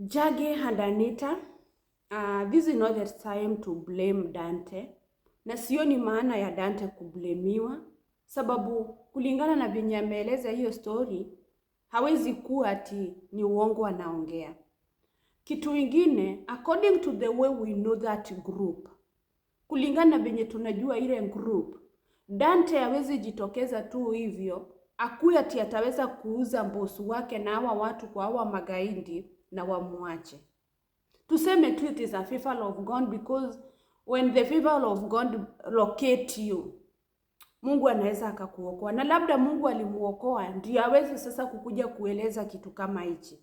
Jage and Anita, uh, ah, this is not the time to blame Dante, na sioni maana ya Dante kublemiwa, sababu kulingana na vyenye ameeleza hiyo story hawezi kuwa ati ni uongo anaongea. Kitu ingine, according to the way we know that group, kulingana na vyenye tunajua ile group, Dante hawezi jitokeza tu hivyo akuya ati ataweza kuuza mbosu wake na hawa watu kwa hawa magaidi na wamwache. Tuseme tu it is a favor of God because when the favor of God locate you, Mungu anaweza akakuokoa, na labda Mungu alimuokoa ndio aweze sasa kukuja kueleza kitu kama hichi.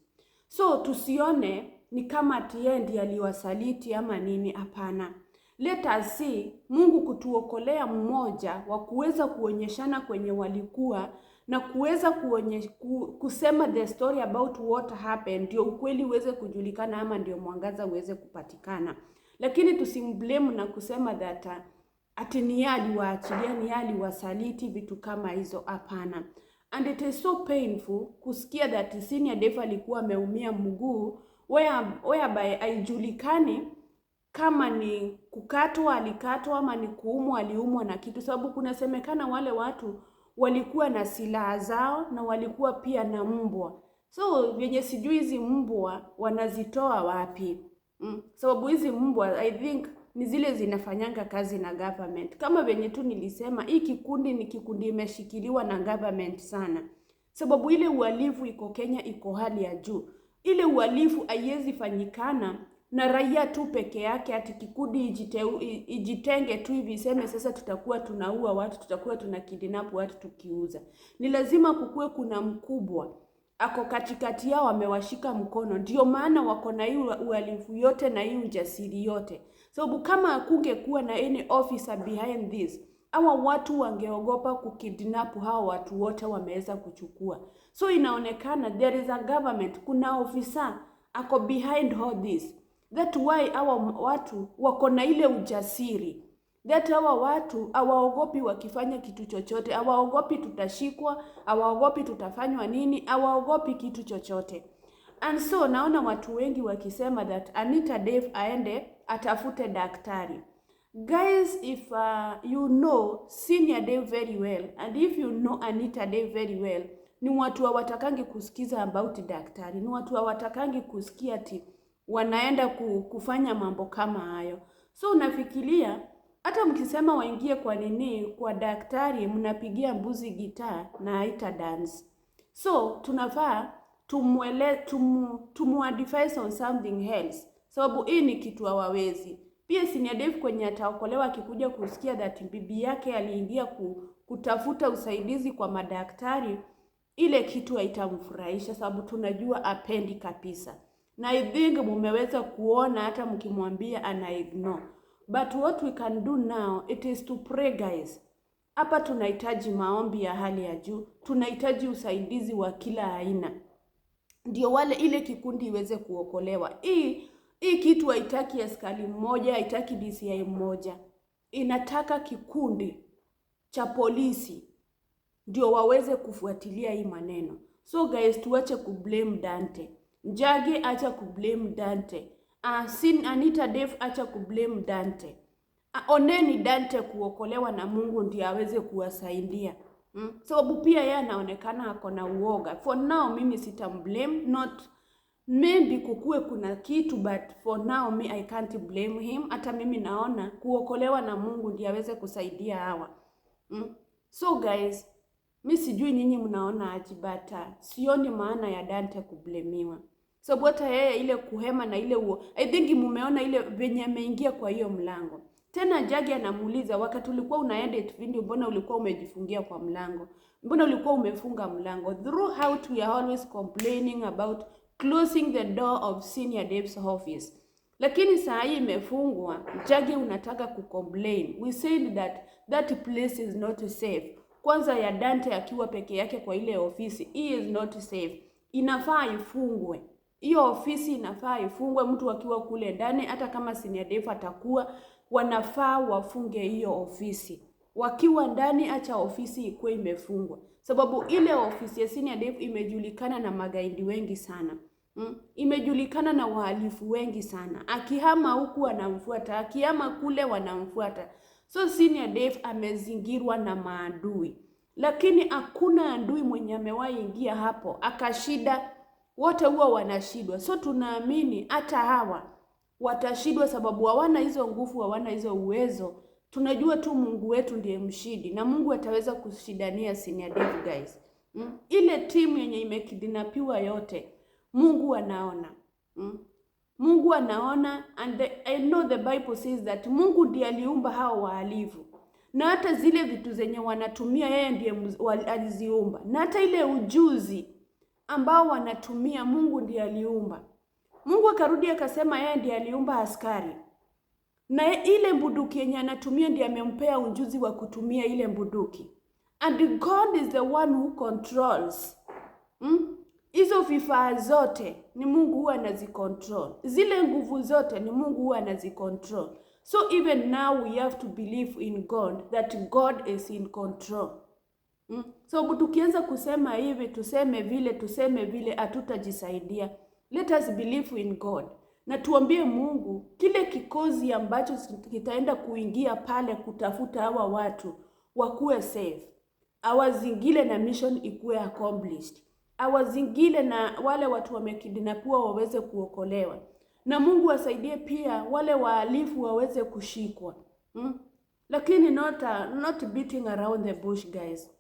So tusione ni kama tie ndiye aliwasaliti ama nini, hapana. Let us see Mungu kutuokolea mmoja wa kuweza kuonyeshana kwenye walikuwa na kuweza kuonye, kusema the story about what happened, ndio ukweli uweze kujulikana ama ndio mwangaza uweze kupatikana, lakini tusimblame na kusema that uh, ati ni aliwaachilia ni aliwasaliti vitu kama hizo, hapana. And it is so painful kusikia that senior Deva alikuwa ameumia mguu where, whereby haijulikani kama ni kukatwa alikatwa ama ni kuumwa aliumwa na kitu, sababu kunasemekana wale watu walikuwa na silaha zao na walikuwa pia na mbwa. So vyenye sijui hizi mbwa wanazitoa wapi? Mm. Sababu hizi mbwa I think ni zile zinafanyanga kazi na government. Kama venye tu nilisema, hii kikundi ni kikundi imeshikiliwa na government sana, sababu ile uhalifu iko Kenya iko hali ya juu. Ile uhalifu haiwezi fanyikana na raia tu peke yake, ati kikundi ijitenge tu hivi iseme sasa tutakuwa tunaua watu, tutakuwa tuna kidnap watu tukiuza. Ni lazima kukuwe kuna mkubwa ako katikati yao, amewashika mkono. Ndio maana wako na hii uhalifu yote na hii ujasiri yote, sababu so, kama kungekuwa na any officer behind this ama watu wangeogopa kukidnap hao watu wote wameweza kuchukua. So inaonekana there is a government, kuna ofisa ako behind all this. That why hawa watu wako na ile ujasiri that hawa watu hawaogopi, wakifanya kitu chochote hawaogopi, tutashikwa, hawaogopi tutafanywa nini, hawaogopi kitu chochote. And so naona watu wengi wakisema that Anita Dave aende atafute daktari. Guys, if uh, you know Senior Dave very well and if you know Anita Dave very well, ni watu hawatakangi kusikiza about daktari, ni watu hawatakangi kusikia ti wanaenda kufanya mambo kama hayo. So unafikiria hata mkisema waingie kwa nini kwa daktari, mnapigia mbuzi gitaa na haita dance. So tunafaa tumwele tumu, tumu advise on something else, sababu hii ni kitu hawawezi. Pia senior Dev kwenye ataokolewa akikuja kusikia that bibi yake aliingia ku, kutafuta usaidizi kwa madaktari, ile kitu haitamfurahisha sababu tunajua apendi kabisa na I think mumeweza kuona hata mkimwambia ana ignore, but what we can do now it is to pray guys. Hapa tunahitaji maombi ya hali ya juu, tunahitaji usaidizi wa kila aina, ndio wale ile kikundi iweze kuokolewa. Hii hii kitu haitaki askari mmoja, haitaki DCI mmoja, inataka kikundi cha polisi ndio waweze kufuatilia hii maneno. So guys, tuache kublame Dante. Njagi acha kublame Dante. Uh, sin Anita Def acha kublame Dante. Uh, oneni Dante kuokolewa na Mungu ndiye aweze kuwasaidia mm. Sababu so, pia yeye anaonekana ako na uoga. For now mimi sitamblame not maybe kukue kuna kitu but for now me I can't blame him. Hata mimi naona kuokolewa na Mungu ndiye aweze kusaidia hawa mm. So guys, mimi sijui nyinyi mnaona aje but uh, sioni maana ya Dante kublemiwa sababu hata yeye ile kuhema na ile uo, I think mumeona ile venye ameingia kwa hiyo mlango. Tena Jagi anamuuliza wakati ulikuwa una edit video, mbona ulikuwa umejifungia kwa mlango? Mbona ulikuwa umefunga mlango? Throughout we are always complaining about closing the door of senior dev's office, lakini saa hii imefungwa. Jagi unataka kucomplain. We said that that place is not safe. Kwanza ya Dante akiwa peke yake kwa ile ofisi, he is not safe, inafaa ifungwe hiyo ofisi inafaa ifungwe, mtu akiwa kule ndani, hata kama senior dev atakuwa, wanafaa wafunge hiyo ofisi wakiwa ndani. Acha ofisi ikuwe imefungwa, sababu ile ofisi ya senior dev imejulikana na magaidi wengi sana mm, imejulikana na wahalifu wengi sana. Akihama huku wanamfuata, akihama kule wanamfuata. So senior dev amezingirwa na maadui, lakini hakuna adui mwenye amewahi ingia hapo akashida wote huwa wanashindwa. So tunaamini hata hawa watashindwa, sababu hawana hizo nguvu, hawana hizo uwezo. Tunajua tu Mungu wetu ndiye mshindi, na Mungu ataweza kushindania Senior dev guys. Mm? Ile timu yenye imekidnapiwa yote Mungu anaona. Mm? Mungu anaona and the, I know the Bible says that Mungu ndiye aliumba hao waalivu na hata zile vitu zenye wanatumia yeye ndiye aliziumba, na hata ile ujuzi ambao wanatumia. Mungu ndiye aliumba. Mungu akarudi akasema yeye ndiye aliumba askari, na ile mbuduki yenye anatumia ndiye amempea ujuzi wa kutumia ile mbuduki and God is the one who controls hmm? Hizo vifaa zote ni Mungu huwa anazicontrol, zile nguvu zote ni Mungu huwa anazicontrol. So even now we have to believe in God that God is in control. Mm. So tukianza kusema hivi, tuseme vile, tuseme vile, hatutajisaidia. Let us believe in God na tuambie Mungu kile kikozi ambacho kitaenda kuingia pale kutafuta hawa watu wakuwe safe, awazingile na mission ikuwe accomplished, awazingile na wale watu wamekidnapiwa waweze kuokolewa, na Mungu asaidie pia wale wahalifu waweze kushikwa. Mm. Lakini not, uh, not beating around the bush guys.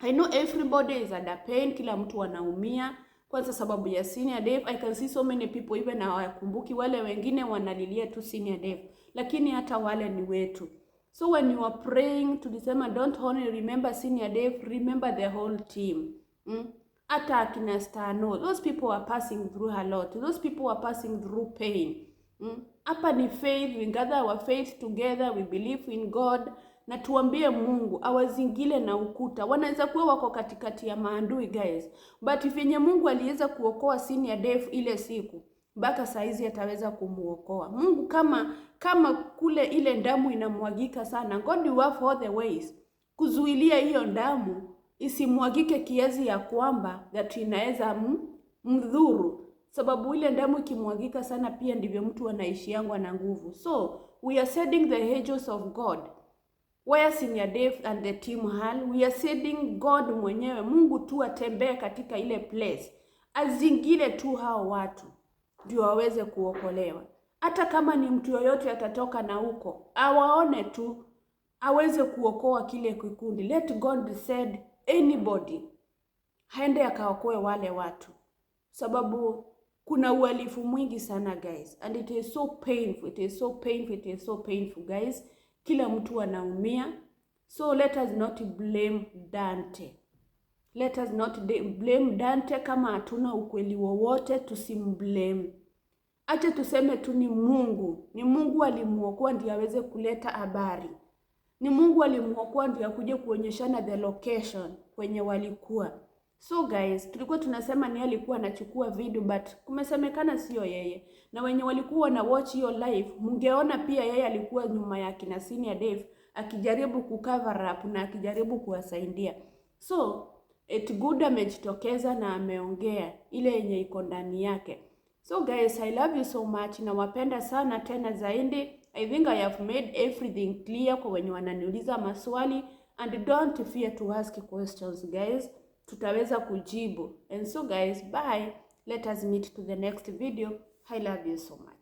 I know everybody is under pain, kila mtu wanaumia kwanza sababu ya senior dev. I can see so many people even hawakumbuki, wale wengine wanalilia tu senior dev, lakini hata wale ni wetu. So when you are praying tulisema, don't only remember senior dev, remember the whole team mm? hata akina Stano, those people are passing through a lot, those people are passing through pain mm? hapa mm? ni faith, we gather our faith together, we believe in God na tuambie Mungu awazingile na ukuta. Wanaweza kuwa wako katikati ya maandui guys, but vyenye Mungu aliweza kuokoa sini ya Dave ile siku mpaka saa hizi ataweza kumuokoa Mungu. Kama kama kule ile damu inamwagika sana, God will all the ways kuzuilia hiyo damu isimwagike kiasi ya kwamba that inaweza mdhuru, sababu ile damu ikimwagika sana, pia ndivyo mtu anaishi yangu nguvu. So we are sending the angels of God where Senior Dave and the team hall we are sending God mwenyewe Mungu tu atembee katika ile place, azingire tu hao watu ndio waweze kuokolewa. Hata kama ni mtu yoyote atatoka na huko awaone tu aweze kuokoa kile kikundi. Let God send anybody aende akaokoe wale watu, sababu kuna uhalifu mwingi sana guys, and it is so painful, it is so painful, it is so painful guys kila mtu anaumia. So let us not blame Dante, let us not blame Dante. Kama hatuna ukweli wowote, tusimblame. Acha tuseme tu ni Mungu, ni Mungu alimuokoa ndiye aweze kuleta habari, ni Mungu alimuokoa ndiye akuje kuonyeshana the location kwenye walikuwa So guys, tulikuwa tunasema ni alikuwa anachukua video but kumesemekana sio yeye, na wenye walikuwa na watch hiyo live, mungeona pia yeye alikuwa nyuma ya kina Senior dev akijaribu kucover up na akijaribu kuwasaidia. So it Good amejitokeza na ameongea ile yenye iko ndani yake. So guys, I love you so much, na wapenda sana tena zaidi. I think I have made everything clear kwa wenye wananiuliza maswali and don't fear to ask questions guys tutaweza kujibu. And so guys, bye. Let us meet to the next video. I love you so much.